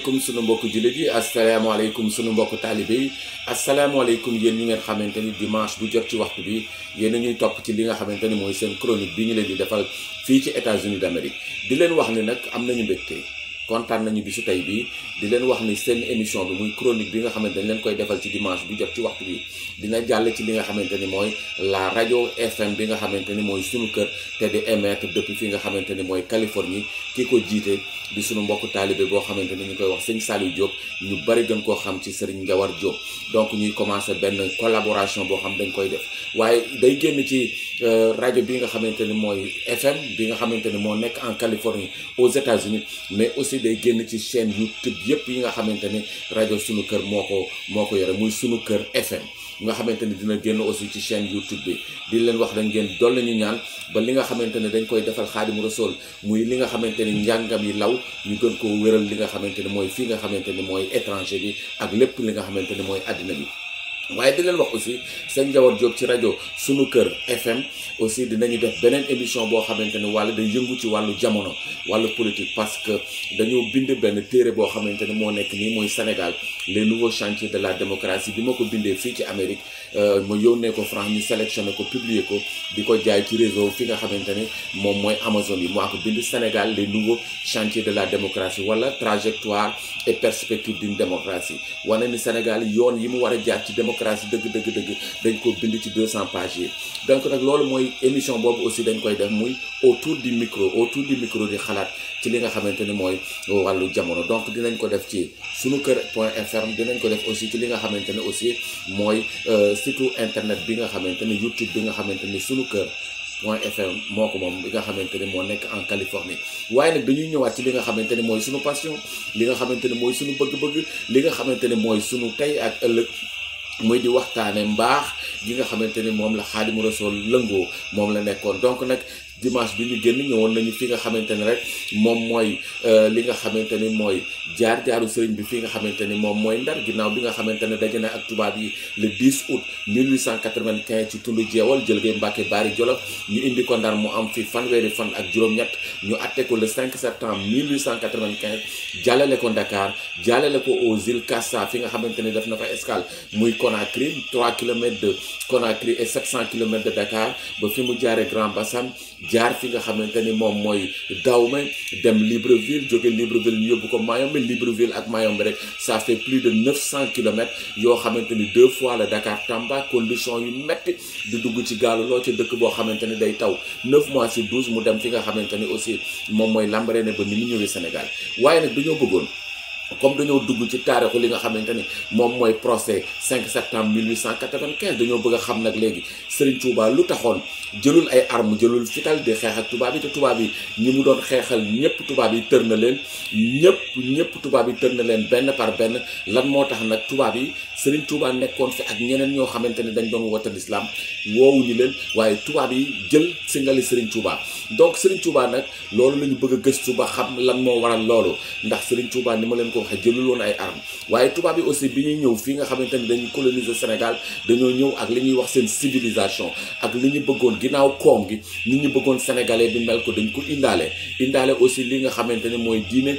asalaamaaleykum sunu mbokku jullit yi asalaamaaleykum sunu mbokku taalibe yi asalaamaaleykum yéen ñi ngeen xamante ni dimanche bu jot ci waxtu bi yéen a ñuy topp ci li nga xamante ni mooy seen chronique bi ñu leen di defal fii ci États-Unis d'Amérique di leen wax ni nag am nañu mbégte kontaan nañu bi su tey bi di leen wax ni seen émission bi muy chronique bi nga xamante dañ leen koy defal ci dimanche bi jot ci waxtu bi dina jàll ci li nga xamante ni mooy la radio FM bi nga xamante ni mooy sunu kër te di émettre depuis fi nga xamante ni mooy Californie ki ko jiite di sunu mbokku taalibe boo xamante ni ñu koy wax sëñ Saliou Diop ñu bari gën koo xam ci Serigne Ndiawar Diop donc ñuy commencé benn collaboration boo xam dañ koy def waaye day génn ci euh, rajo bi nga xamante ni mooy FM bi nga xamante ni moo nekk en Californie aux États-Unis mais aussi aussi day génn ci chaîne YouTube yëpp yi nga xamante ne rajo sunu kër moo ko moo ko yore muy sunu kër FM nga xamante ne dina génn aussi ci chaîne YouTube bi di leen wax dañ ngeen dolli ñu ñaan ba li nga xamante ne dañ koy defal Xaadimu Rasuul muy li nga xamante ne njàngam yi law ñu gën ko wéral li nga xamante ne mooy fii nga xamante ne mooy étranger bi ak lépp li nga xamante ne mooy àddina bi waaye di leen wax aussi seen Ndiawar Diop ci rajo sunu kër FM aussi dinañu def beneen émission boo xamante ne wala day yëngu ci wàllu jamono wàllu politique parce que dañoo bind benn téere boo xamante ne moo nekk nii mooy Sénégal les nouveaux chantiers de la démocratie bi ma ko bindee fii ci Amérique euh, ma yónnee ko France ñu sélectionné ko publier ko di ko jaay ci réseau fi nga xamante ne moom mooy Amazon yi maa ko bind Sénégal les nouveaux chantiers de la démocratie wala trajectoire et perspective d'une démocratie wane ni Sénégal yoon yi mu war a jaar ci démocratie démocratie deug deug deug dañ ko bind ci 200 pages donc nak loolu moy émission bobu aussi dañ koy def muy autour du micro autour du micro di xalat ci li nga xamante moy walu jamono donc dinañ ko def ci sunu kër fm dinañ ko def aussi ci li nga xamante ne aussi mooy euh, surtout internet bi nga xamante youtube bi nga xamante sunu kër fm moko mom bi nga xamante mo moo nekk en Californie waye nak dañuy ñëwaat ci li nga xamante moy sunu passion li nga xamante moy sunu bëgg-bëgg li nga xamante moy sunu tay ak ëlëk muy di waxtaane mbaax gi nga xamante ni moom la xaadimu rasul lëngoo moom la nekkoon donc nag dimanche bi ñu génn ñëwoon nañu fi nga xamante ne rek moom mooy euh, li nga xamante ni mooy jaar jaaru sëriñ bi fi nga xamante ni moom mooy ndar ginnaaw bi nga xamante ne daje na ak tubaab yi le 10 août 1895 ci tund jeewal jël ngay Mbàkke Baari Jolof ñu indi ko ndar mu am fi fanweeri fan ak juróom-ñett ñu atte ko le 5 septembre 1895 jàllale ko Dakar jàllale ko aux îles Cassa fi nga xamante ni def na fa escale muy Conakry 3 kilomètres de Conakry et 700 kilomètres de Dakar ba fi mu jaare Grand Bassam jaar fi nga xamanteni mom moy dawme dem Libreville jóge Libreville ñu yóbbu ko Mayombe Libreville ak Mayombe rek ça fait plus de 900 km yo xamanteni deux fois le Dakar Tamba condition yu metti di dugg ci galu lo ci dëkk bo xamanteni day taw 9 mois ci 12 mu dem fi nga xamanteni aussi mom moy Lambaréné ba ni ñu ñëwé Sénégal waaye nak dañu bëggoon. comme dañoo dugg ci taarixu li nga xamante ni moom mooy procès 5 septembre 1895 dañoo bëgg a xam nag léegi Serigne Touba lu taxoon jëlul ay armes jëlul fital di xeex tubaab yi te tubaab yi ñi mu doon xeexal ñëpp tubaab yi tër na leen ñëpp ñëpp tubaab yi tër na leen benn par benn lan moo tax nag tubaab yi Serigne Touba nekkoon fi ak ñeneen ñoo xamante ni dañ doon woote lislaam woowu ñu leen waaye tubaab yi jël singali Serigne Touba donc Serigne Touba nag loolu la ñu bëgg a gëstu ba xam lan moo waral loolu ndax Serigne Touba ni ma leen ko waxee jëlul ay armes waaye tubaab yi aussi bi ñuy ñëw fii nga xamante ni dañuy coloniser Sénégal dañoo ñëw ak li ñuy wax seen sibilisation ak li ñu bëggoon ginnaaw koom gi nit ñu bëggoon sénégalais bi mel ko dañ ko indaale indaale aussi lii nga xamante ni mooy diine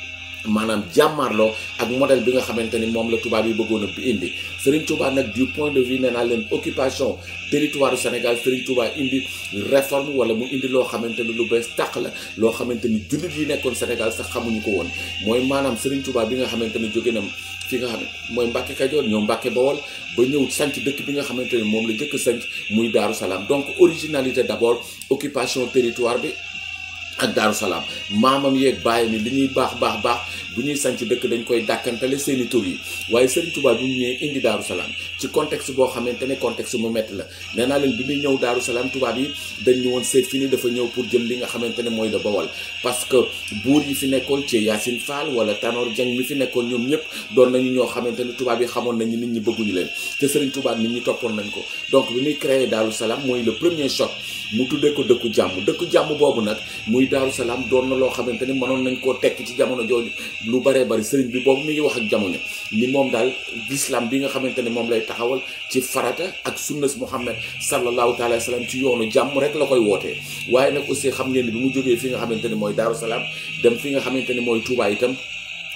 Manam jàmmaarloo ak model bi nga xamanteni ni la tuba bi bëggoon bi indi Serigne Touba nak du point de vue nee occupation territoire du Sénégal Serigne Touba indi réforme wala mu indi lo xamanteni lu bees tax la lo xamanteni ni jullit yi nekkoon Sénégal sax xamuñu ko won moy manam Serigne Touba bi nga xamanteni ni jóge na fi nga xam moy mooy Mbàkke Kajoor ñëw Bawol ba ñëw sant dëkk bi nga xamanteni ni la njëkk sant muy daru salam donc originalité d'abord occupation territoire bi ak daaru salaam maamam yeeg bàyyi ni li ñuy baax baax baax bu ñuy sanc dëkk dañ koy dàkkantale seeni tur yi waaye Serigne Touba bi mu ñëwee indi daaru salaam ci contexte boo xamante ne contexte mu la nee naa leen bi muy ñëw daaru salaam tubaab yi dañ ñu woon seet fi ni dafa ñëw pour jël li nga xamante ne mooy la bawal parce que buur yi fi nekkoon ci Yacine Fall wala Tanor Dieng mi fi nekkoon ñoom ñëpp doon nañu ñoo xamante ne tubaab yi xamoon nañu nit ñi bëgguñu leen te Serigne Touba nit ñi toppoon nañ ko donc bi muy créé daaru salaam mooy le premier choc mu tuddee ko dëkku jàmm dëkku jàmm boobu nag muy Daaru Salaam doon na loo xamante ni mënoon nañ koo tekki ci jamono jooju lu bare bari sëriñ bi boobu mi ngi wax ak jamono ni moom daal l'islam bi nga xamante ne moom lay taxawal ci farata ak sunnas Muhammad sallallahu taala wa ci yoonu jàmm rek la koy wootee waaye nag aussi xam ngeen ni bi mu jógee fi nga xamante ni mooy Daaru Salaam dem fi nga xamante ni mooy Touba itam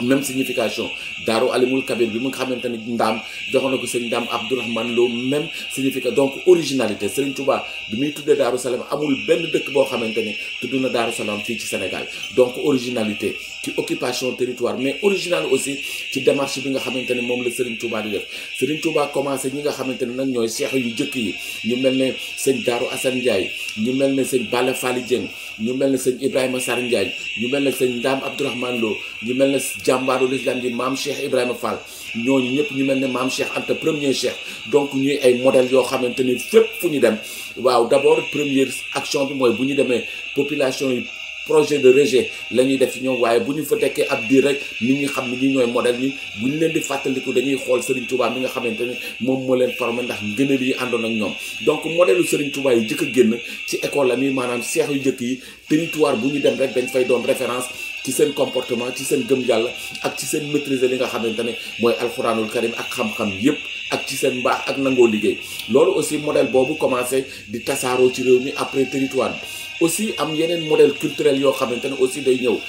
même signification daaru alimul kabir bi mu nga xamante ni ndaam joxoon na ko sëriñ ndaam abdourahman loo même signification donc originalité serigne Touba bi muy tuddé daru salam amul benn dëkk bo xamante ni tudd na daaru salaam ci Sénégal donc originalité ci occupation territoire mais original aussi ci démarche bi nga xamante ni moom la sëriñ Touba di def serigne Touba commencé ñi nga xamante ne nag ñooy seex yu jëk yi ñu mel serigne sëñ Assane Ndiaye ñu mel serigne sëñ Balla Fally Dieng ñu mel serigne Ibrahima Sarr Ndiaye ñu mel serigne sëñ ndaam abdourahman loo ñu mel jàmbaaru l'islam di maam Cheikh Ibrahima Fall ñooñu ñëpp ñu mel ne maam Cheikh Anta premier cheikh donc ñuy ay modèle yoo xamante ni fépp fu ñu dem waaw d'abord première action bi mooy bu ñu demee population yi projet de rejet la ñuy def ñoom waaye bu ñu fa tekkee ab diir rek nit ñi xam ni ñi ñooy modèle ñi bu ñu leen di fàttaliku dañuy xool Serigne Touba mi nga xamante ni moom moo leen formé ndax ngëneel yi àndoon ak ñoom donc modèle u Serigne Touba jëkk génn ci école la mi maanaam seex yi territoire bu ñu dem rek dañ fay doon référence ci seen comportement ci seen gëm yàlla ak ci seen maîtriser li nga xamante ne mooy alxuraanul karim ak xam-xam yépp ak ci seen mbaax ak nangoo liggéey loolu aussi modèle boobu commencé di tasaaroo ci réew mi après territoire aussi am yeneen modèle culturel yoo xamante ne aussi day ñëw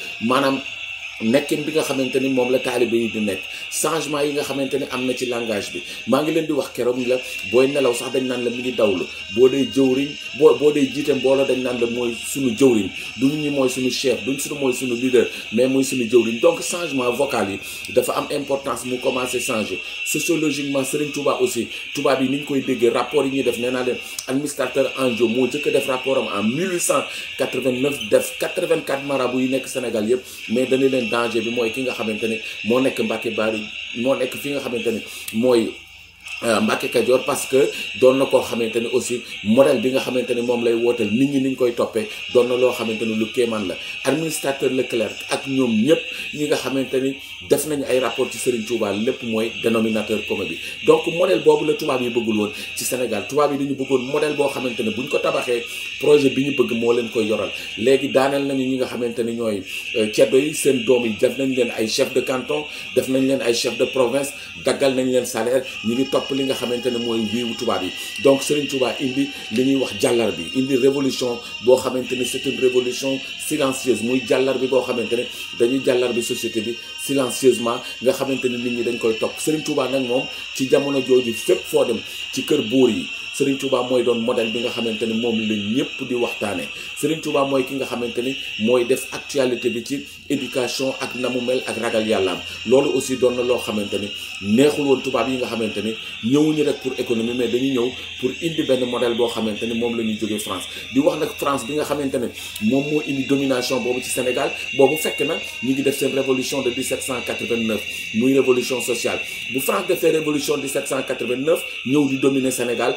nekkin bi nga xamanteni mom la talibé yi di nek changement yi nga xamanteni amna ci langage bi ma ngi len di wax kérok ni la boy nelaw sax dañ nan la mi ngi dawlu bo dee jeuwriñ bo boo jité mbolo dañ nan la moy suñu jeuwriñ duñ ni moy suñu chef duñ suñu moy suñu leader mais moy suñu jeuwriñ donc changement vocal yi dafa am importance mu commencer changer sociologiquement Serigne Touba aussi touba bi niñ koy déggé rapport yi ñi def néna len administrateur anjo mo jëk def rapport am en 1889 def 84 marabu yi nek Sénégal yëpp mais dañ leen danger bi mooy ki nga xamante ne moo nekk Mbacke Bari moo nekk fi nga xamante ne mooy Euh, mbacké kadior parce que doon na koo xamante aussi model bi nga xamanteni mom lay wotal nit ñi ni ñu koy toppee doon na loo xamante lu kéman la administrateur Leclerc ak ñom ñep ñi nga xamanteni def nañ ay rapport ci Serigne Touba lepp moy dénominateur commun bi donc model bobu la touba bi bëggul won ci Sénégal touba bi dañu bëggoon model bo xamanteni buñ ko tabaxé projet bi ñu bëgg mo leen koy yoral légui daaneel nañu ñi nga xamanteni ñoy ñooy euh, yi seen doom yi def nañ leen ay chef de canton def nañ leen ay chef de province daggal nañ leen salaire ñi ngi topp topp li nga xamantene moy mooy touba bi donc Serigne Touba indi li ñuy wax jallar bi indi révolution bo xamantene c'est une révolution silencieuse moy jallar bi bo xamantene ne dañuy jàllar bi société bi silencieusement nga xamantene nit ñi dañ koy top Serigne Touba nak mom ci jamono jooju fépp fo dem ci kër buur yi Serigne Touba moy doon modèle bi nga xamanteni mom moom la ñëpp di waxtaanee Serigne Touba moy ki nga xamanteni moy def actualité bi ci éducation ak na mu mel ak ragal yalla loolu aussi doon na lo xamanteni ni neexul woon touba bi nga xamanteni ni rek pour économie mais dañu ñëw pour indi ben modèle bo xamanteni mom moom la ñuy France di wax nak France bi nga xamanteni mom mo indi domination bobu ci Sénégal bobu fekk na ñi ngi def seen révolution de 1789 muy révolution sociale bu France defee révolution de 1789 ñëw di dominer Sénégal.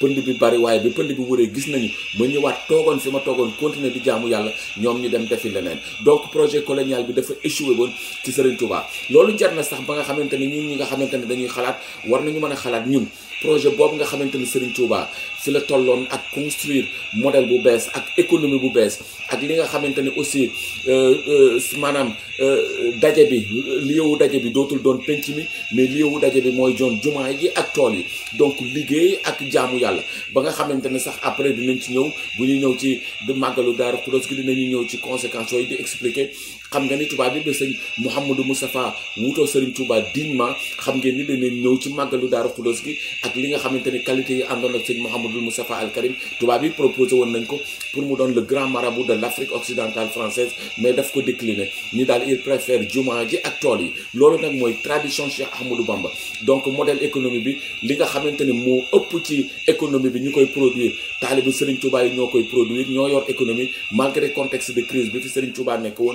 pënd bi bari waaye bi pënd bi wëree gis nañu ma ñëwaat toogoon fi ma toogoon continuer di jaamu yàlla ñoom ñu dem defi leneen donc projet colonial bi dafa échoué woon ci Serigne loolu jar na sax ba nga xamante ni ñun ñi nga xamante ne dañuy xalaat war nañu mën a xalaat ñun projet boobu nga xamante ni Serigne Touba si la tolloon ak construire model bu bees ak économie bu bees ak li nga xamante ni aussi euh, euh, maanaam euh, daje bi lieu daje bi dootul doon penc mi mais lieu daje bi mooy joon jumaa yi ak tool yi donc liggéey ak jaamu yàlla yàlla ba nga xamantene sax après dinañ ci ñew bu ñu ñew ci màggalu Daaru Xudoos gi dinañu ñew ci conséquences yooyu di expliquer xam nga ni tubaab yi de sëñ Mouhamadou Moustapha wuto Serigne Touba dignement xam ngeen ni danañ ñëw ci màggalu Daaru Xudoos gi ak li nga xamanteni qualité yi àndoon ak sëñ Mouhamadou Moustapha Al Karim tubaab bi proposé won nañ ko pour mu doon le grand marabout de l'afrique occidentale française mais daf ko décliner ni dal il préfère jumaa ji ak tool yi loolu nag mooy tradition Cheikh Ahmadou Bamba donc modèle économie bi li nga xamanteni mo upp ci économie bi ñukoy produire taalibu Serigne Touba yi ñokoy produire ñoo yor économie malgré contexte de crise bi fi Serigne Touba nek won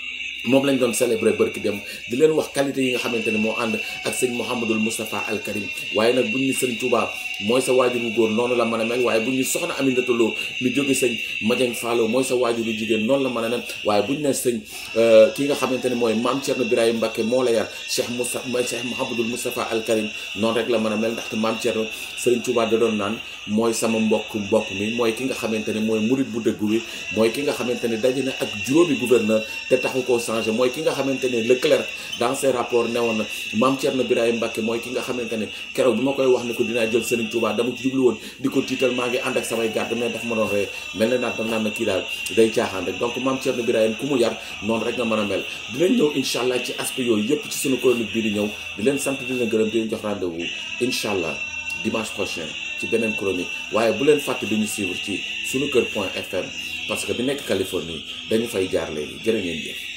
moom lañ doon célébrer barki dem di leen wax qualité yi nga xamante ne moo ànd ak sëñ Mouhamadul Moustapha Al Karim waaye nag bu ñu sëñ Touba mooy sa waajuru góor noonu la mën a mel waaye buñ ñu soxna Aminata Lo mi jóge sëñ Madieng Fallo mooy sa waajuru jigéen noonu la mën a mel waaye buñ ne sëñ euh, ki nga xamante ne mooy maam Thierno Birahim Mbacké moo la yar Cheikh Moussa Cheikh Mouhamadul Moustapha Al Karim noonu rek la mën a mel ndaxte maam Thierno sëñ Touba da doon naan mooy sama mbokk mbokk mi mooy ki nga xamante ne mooy murit bu dëgg wi mooy ki nga xamante ne daje na ak juróomi gouverneur changé mooy ki nga xamante ne Leclerc dans ses rapports ne woon na maam Thierno Birahim Mbacké mooy ki nga xamante ne keroog bi ma koy wax ne ko dinaa jël Serigne Touba dama ci jublu woon di ko tiital maa ngi ànd ak na naat da kii daal day caaxaan rek donc maam Thierno Birahim ku mu yar noonu rek nga mën a mel dinañ ñëw incha allah ci aspect yooyu yépp ci sunu chronique bii di ñëw di leen sant di leen gërëm di leen jox rendez-vous allah dimanche prochain ci beneen chronique waaye bu leen fàtte di ñu suivre ci sunu kër point fm parce que bi nekk Californie dañu fay jaar léegi jërë ngeen jëf